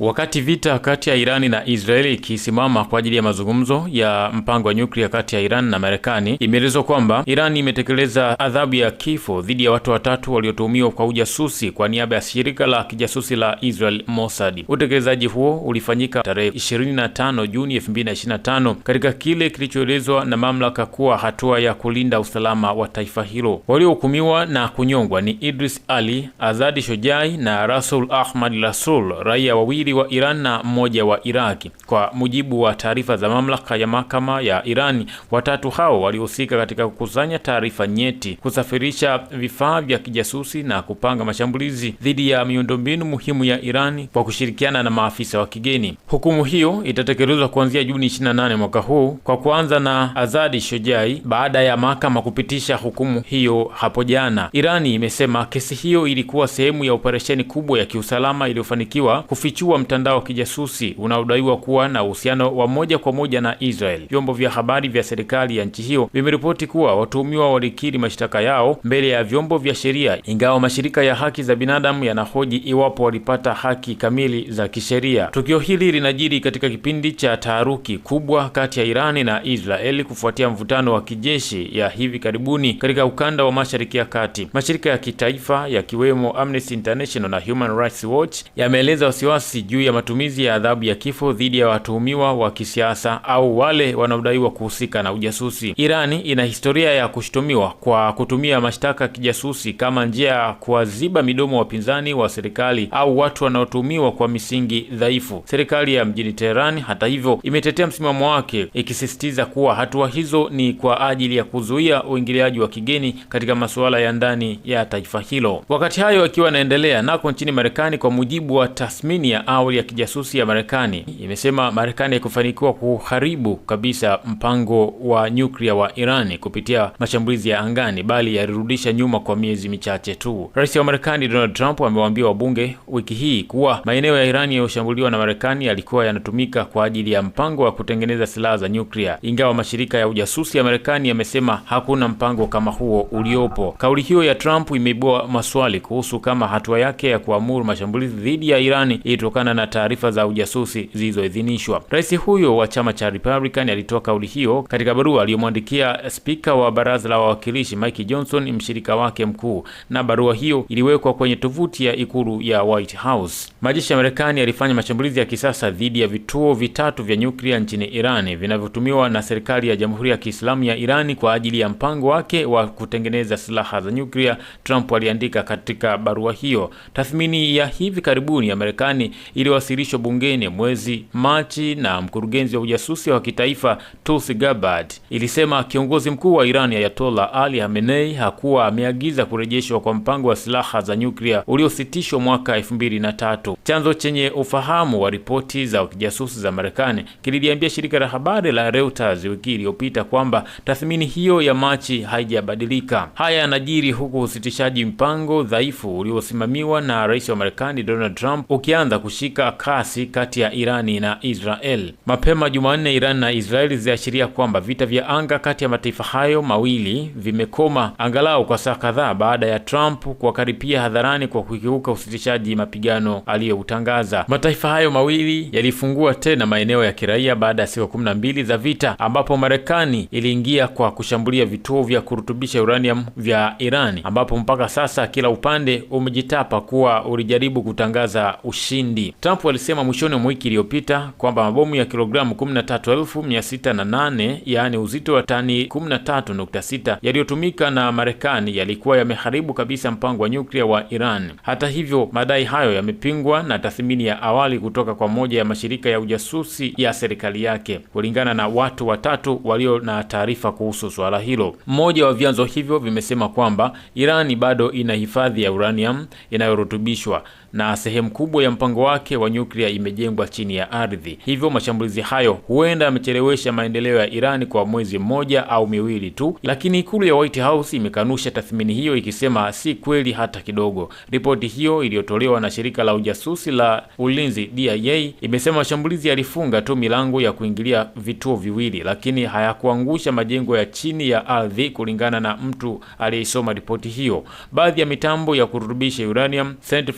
Wakati vita kati ya Irani na Israeli ikisimama kwa ajili ya mazungumzo ya mpango wa nyuklia kati ya irani na Marekani, imeelezwa kwamba Irani imetekeleza adhabu ya kifo dhidi ya watu watatu waliotuhumiwa kwa ujasusi kwa niaba ya shirika la kijasusi la Israel Mossad. Utekelezaji huo ulifanyika tarehe 25 Juni 2025 katika kile kilichoelezwa na mamlaka kuwa hatua ya kulinda usalama wa taifa hilo. Waliohukumiwa na kunyongwa ni Idris Ali, Azadi Shojai na Rasul Ahmad Rasul, raia wawili wawili wa Iran na mmoja wa Iraki, kwa mujibu wa taarifa za mamlaka ya mahakama ya Irani. Watatu hao walihusika katika kukusanya taarifa nyeti, kusafirisha vifaa vya kijasusi na kupanga mashambulizi dhidi ya miundombinu muhimu ya Irani kwa kushirikiana na maafisa wa kigeni. Hukumu hiyo itatekelezwa kuanzia Juni 28 mwaka huu kwa kuanza na Azadi Shojai baada ya mahakama kupitisha hukumu hiyo hapo jana. Irani imesema kesi hiyo ilikuwa sehemu ya operesheni kubwa ya kiusalama iliyofanikiwa kufichua wa mtandao wa kijasusi unaodaiwa kuwa na uhusiano wa moja kwa moja na Israel. Vyombo vya habari vya serikali ya nchi hiyo vimeripoti kuwa watuhumiwa walikiri mashtaka yao mbele ya vyombo vya sheria, ingawa mashirika ya haki za binadamu yanahoji iwapo walipata haki kamili za kisheria. Tukio hili linajiri katika kipindi cha taharuki kubwa kati ya Irani na israel kufuatia mvutano wa kijeshi ya hivi karibuni katika ukanda wa Mashariki ya Kati. Mashirika ya kitaifa yakiwemo Amnesty International na Human Rights Watch yameeleza wasiwasi juu ya matumizi ya adhabu ya kifo dhidi ya watuhumiwa wa kisiasa au wale wanaodaiwa kuhusika na ujasusi. Irani ina historia ya kushutumiwa kwa kutumia mashtaka ya kijasusi kama njia ya kuwaziba midomo wapinzani wa serikali au watu wanaotuhumiwa kwa misingi dhaifu. Serikali ya mjini Teherani, hata hivyo, imetetea msimamo wake ikisisitiza kuwa hatua hizo ni kwa ajili ya kuzuia uingiliaji wa kigeni katika masuala ya ndani ya taifa hilo. Wakati hayo akiwa anaendelea nako nchini Marekani, kwa mujibu wa tathmini ya awali ya kijasusi ya Marekani imesema Marekani haikufanikiwa kuharibu kabisa mpango wa nyuklia wa Irani kupitia mashambulizi ya angani, bali yalirudisha nyuma kwa miezi michache tu. Rais wa Marekani Donald Trump amewaambia wabunge wiki hii kuwa maeneo ya Irani yaliyoshambuliwa na Marekani yalikuwa yanatumika kwa ajili ya mpango wa kutengeneza silaha za nyuklia, ingawa mashirika ya ujasusi ya Marekani yamesema hakuna mpango kama huo uliopo. Kauli hiyo ya Trump imeibua maswali kuhusu kama hatua yake ya kuamuru mashambulizi dhidi ya Irani ilitokana kutokana na taarifa za ujasusi zilizoidhinishwa. Rais huyo wa chama cha Republican alitoa kauli hiyo katika barua aliyomwandikia spika wa baraza la wawakilishi Mike Johnson, mshirika wake mkuu, na barua hiyo iliwekwa kwenye tovuti ya ikulu ya White House. Majeshi ya Marekani yalifanya mashambulizi ya kisasa dhidi ya vituo vitatu vya nyuklia nchini Irani vinavyotumiwa na serikali ya Jamhuri ya Kiislamu ya Irani kwa ajili ya mpango wake wa kutengeneza silaha za nyuklia, Trump aliandika katika barua hiyo. Tathmini ya hivi karibuni ya Marekani iliyowasilishwa bungeni mwezi Machi na mkurugenzi wa ujasusi wa kitaifa Tulsi Gabbard ilisema kiongozi mkuu wa Iran Ayatollah Ali Khamenei hakuwa ameagiza kurejeshwa kwa mpango wa silaha za nyuklia uliositishwa mwaka na tatu Chanzo chenye ufahamu wa ripoti za kijasusi za Marekani kililiambia shirika la habari la Reuters wiki iliyopita kwamba tathmini hiyo ya Machi haijabadilika. Haya yanajiri huku usitishaji mpango dhaifu uliosimamiwa na rais wa Marekani Donald Trump ukianza kushika kushika kasi kati ya Irani na Israel. Mapema Jumanne, Irani na Israeli ziliashiria kwamba vita vya anga kati ya mataifa hayo mawili vimekoma angalau kwa saa kadhaa baada ya Trump kuwakaripia hadharani kwa kukiuka usitishaji mapigano aliyoutangaza. Mataifa hayo mawili yalifungua tena maeneo ya kiraia baada ya siku kumi na mbili za vita, ambapo Marekani iliingia kwa kushambulia vituo vya kurutubisha uranium vya Irani, ambapo mpaka sasa kila upande umejitapa kuwa ulijaribu kutangaza ushindi. Trump alisema mwishoni mwa wiki iliyopita kwamba mabomu ya kilogramu 13,608 yaani uzito wa tani 13.6 yaliyotumika na Marekani yalikuwa yameharibu kabisa mpango wa nyuklia wa Iran. Hata hivyo, madai hayo yamepingwa na tathmini ya awali kutoka kwa moja ya mashirika ya ujasusi ya serikali yake, kulingana na watu watatu walio na taarifa kuhusu suala hilo. Mmoja wa vyanzo hivyo vimesema kwamba Irani bado ina hifadhi ya uranium inayorutubishwa na sehemu kubwa ya mpango wake wa nyuklia imejengwa chini ya ardhi, hivyo mashambulizi hayo huenda yamechelewesha maendeleo ya Irani kwa mwezi mmoja au miwili tu, lakini ikulu ya White House imekanusha tathmini hiyo ikisema si kweli hata kidogo. Ripoti hiyo iliyotolewa na shirika la ujasusi la ulinzi DIA imesema mashambulizi yalifunga tu milango ya kuingilia vituo viwili, lakini hayakuangusha majengo ya chini ya ardhi, kulingana na mtu aliyeisoma ripoti hiyo. Baadhi ya mitambo ya kurutubisha uranium St.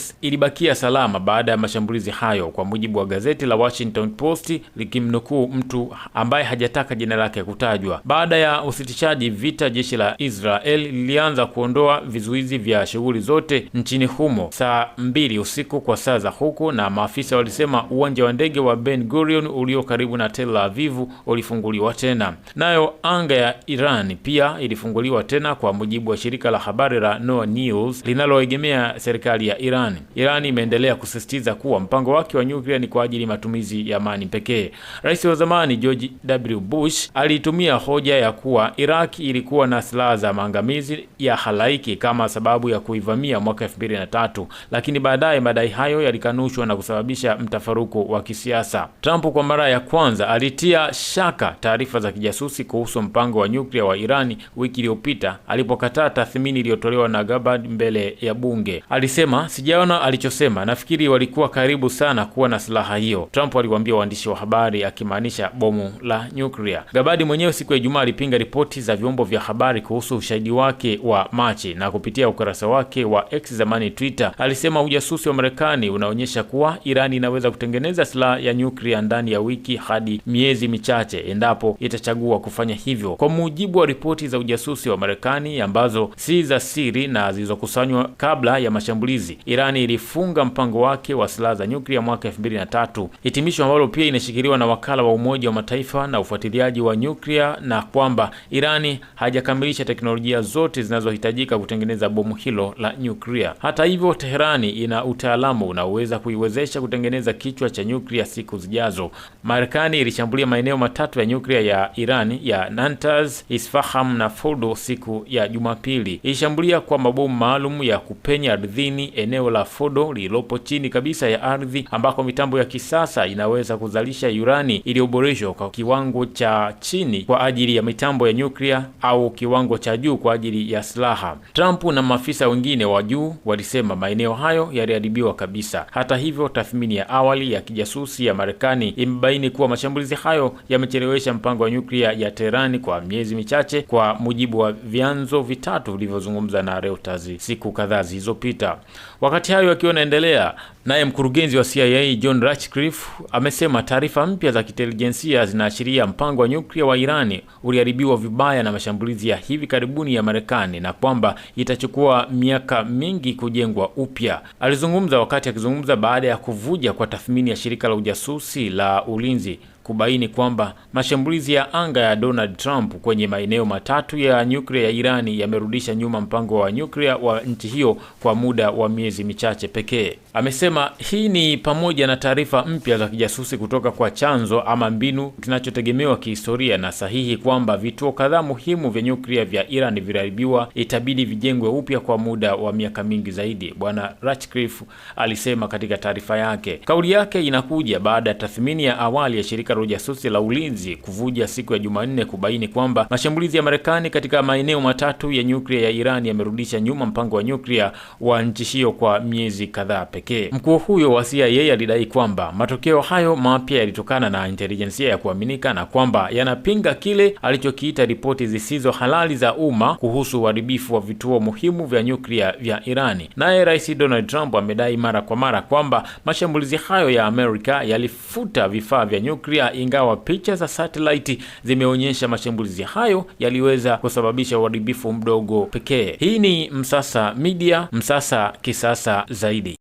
Wales ilibakia salama baada ya mashambulizi hayo, kwa mujibu wa gazeti la Washington Post likimnukuu mtu ambaye hajataka jina lake kutajwa. Baada ya usitishaji vita, jeshi la Israel lilianza kuondoa vizuizi vya shughuli zote nchini humo saa mbili usiku kwa saa za huku, na maafisa walisema uwanja wa ndege wa Ben Gurion ulio karibu na Tel Aviv ulifunguliwa tena. Nayo anga ya Iran pia ilifunguliwa tena, kwa mujibu wa shirika la habari la Noa News linaloegemea serikali ya Iran. Iran. Iran imeendelea kusisitiza kuwa mpango wake wa nyuklia ni kwa ajili matumizi ya amani pekee. Rais wa zamani George W. Bush aliitumia hoja ya kuwa Iraq ilikuwa na silaha za maangamizi ya halaiki kama sababu ya kuivamia mwaka tatu, lakini baadaye madai hayo yalikanushwa na kusababisha mtafaruku wa kisiasa. Trump kwa mara ya kwanza alitia shaka taarifa za kijasusi kuhusu mpango wa nyuklia wa Irani wiki iliyopita alipokataa tathmini iliyotolewa na Gabbard mbele ya bunge. Alisema sija Bayona alichosema, nafikiri walikuwa karibu sana kuwa na silaha hiyo, Trump aliwaambia waandishi wa habari, akimaanisha bomu la nyuklia. Gabadi mwenyewe siku ya Ijumaa alipinga ripoti za vyombo vya habari kuhusu ushahidi wake wa Machi, na kupitia ukurasa wake wa X zamani Twitter, alisema ujasusi wa Marekani unaonyesha kuwa Irani inaweza kutengeneza silaha ya nyuklia ndani ya wiki hadi miezi michache endapo itachagua kufanya hivyo, kwa mujibu wa ripoti za ujasusi wa Marekani ambazo si za siri na zilizokusanywa kabla ya mashambulizi Irani Marekani ilifunga mpango wake wa silaha za nyuklia mwaka 2003, hitimisho ambalo pia inashikiliwa na wakala wa Umoja wa Mataifa na ufuatiliaji wa nyuklia, na kwamba Irani hajakamilisha teknolojia zote zinazohitajika kutengeneza bomu hilo la nyuklia. Hata hivyo, Teherani ina utaalamu unaoweza kuiwezesha kutengeneza kichwa cha nyuklia siku zijazo. Marekani ilishambulia maeneo matatu ya nyuklia ya Irani ya Natanz, Isfahan na Fordo siku ya Jumapili. Ilishambulia kwa mabomu maalum ya kupenya ardhini eneo la Fodo lililopo chini kabisa ya ardhi ambako mitambo ya kisasa inaweza kuzalisha urani iliyoboreshwa kwa kiwango cha chini kwa ajili ya mitambo ya nyuklia au kiwango cha juu kwa ajili ya silaha. Trump na maafisa wengine wa juu walisema maeneo hayo yaliharibiwa kabisa. Hata hivyo, tathmini ya awali ya kijasusi ya Marekani imebaini kuwa mashambulizi hayo yamechelewesha mpango wa nyuklia ya Teherani kwa miezi michache, kwa mujibu wa vyanzo vitatu vilivyozungumza na Reuters siku kadhaa zilizopita. Wakati Wakati hayo yakiwa yanaendelea, naye mkurugenzi wa CIA John Ratcliffe amesema taarifa mpya za kitelijensia zinaashiria mpango wa nyuklia wa Irani uliharibiwa vibaya na mashambulizi ya hivi karibuni ya Marekani na kwamba itachukua miaka mingi kujengwa upya. Alizungumza wakati akizungumza baada ya kuvuja kwa tathmini ya shirika la ujasusi la ulinzi kubaini kwamba mashambulizi ya anga ya Donald Trump kwenye maeneo matatu ya nyuklia ya Irani yamerudisha nyuma mpango wa nyuklia wa nchi hiyo kwa muda wa miezi michache pekee. Amesema hii ni pamoja na taarifa mpya za kijasusi kutoka kwa chanzo ama mbinu kinachotegemewa kihistoria na sahihi kwamba vituo kadhaa muhimu vya nyuklia vya Iran viliharibiwa, itabidi vijengwe upya kwa muda wa miaka mingi zaidi, Bwana Ratcliffe alisema katika taarifa yake. Kauli yake inakuja baada ya tathmini ya awali ya shirika la ujasusi la ulinzi kuvuja siku ya Jumanne kubaini kwamba mashambulizi ya Marekani katika maeneo matatu ya nyuklia ya Iran yamerudisha nyuma mpango wa nyuklia wa nchi hiyo kwa miezi kadhaa pekee. Mkuu huyo wa CIA alidai kwamba matokeo hayo mapya yalitokana na intelijensia ya kuaminika na kwamba yanapinga kile alichokiita ripoti zisizo halali za umma kuhusu uharibifu wa vituo muhimu vya nyuklia vya Irani. Naye Rais Donald Trump amedai mara kwa mara kwamba mashambulizi hayo ya Amerika yalifuta vifaa vya nyuklia, ingawa picha za satellite zimeonyesha mashambulizi hayo yaliweza kusababisha uharibifu mdogo pekee. Hii ni Msasa Media, Msasa kisasa zaidi.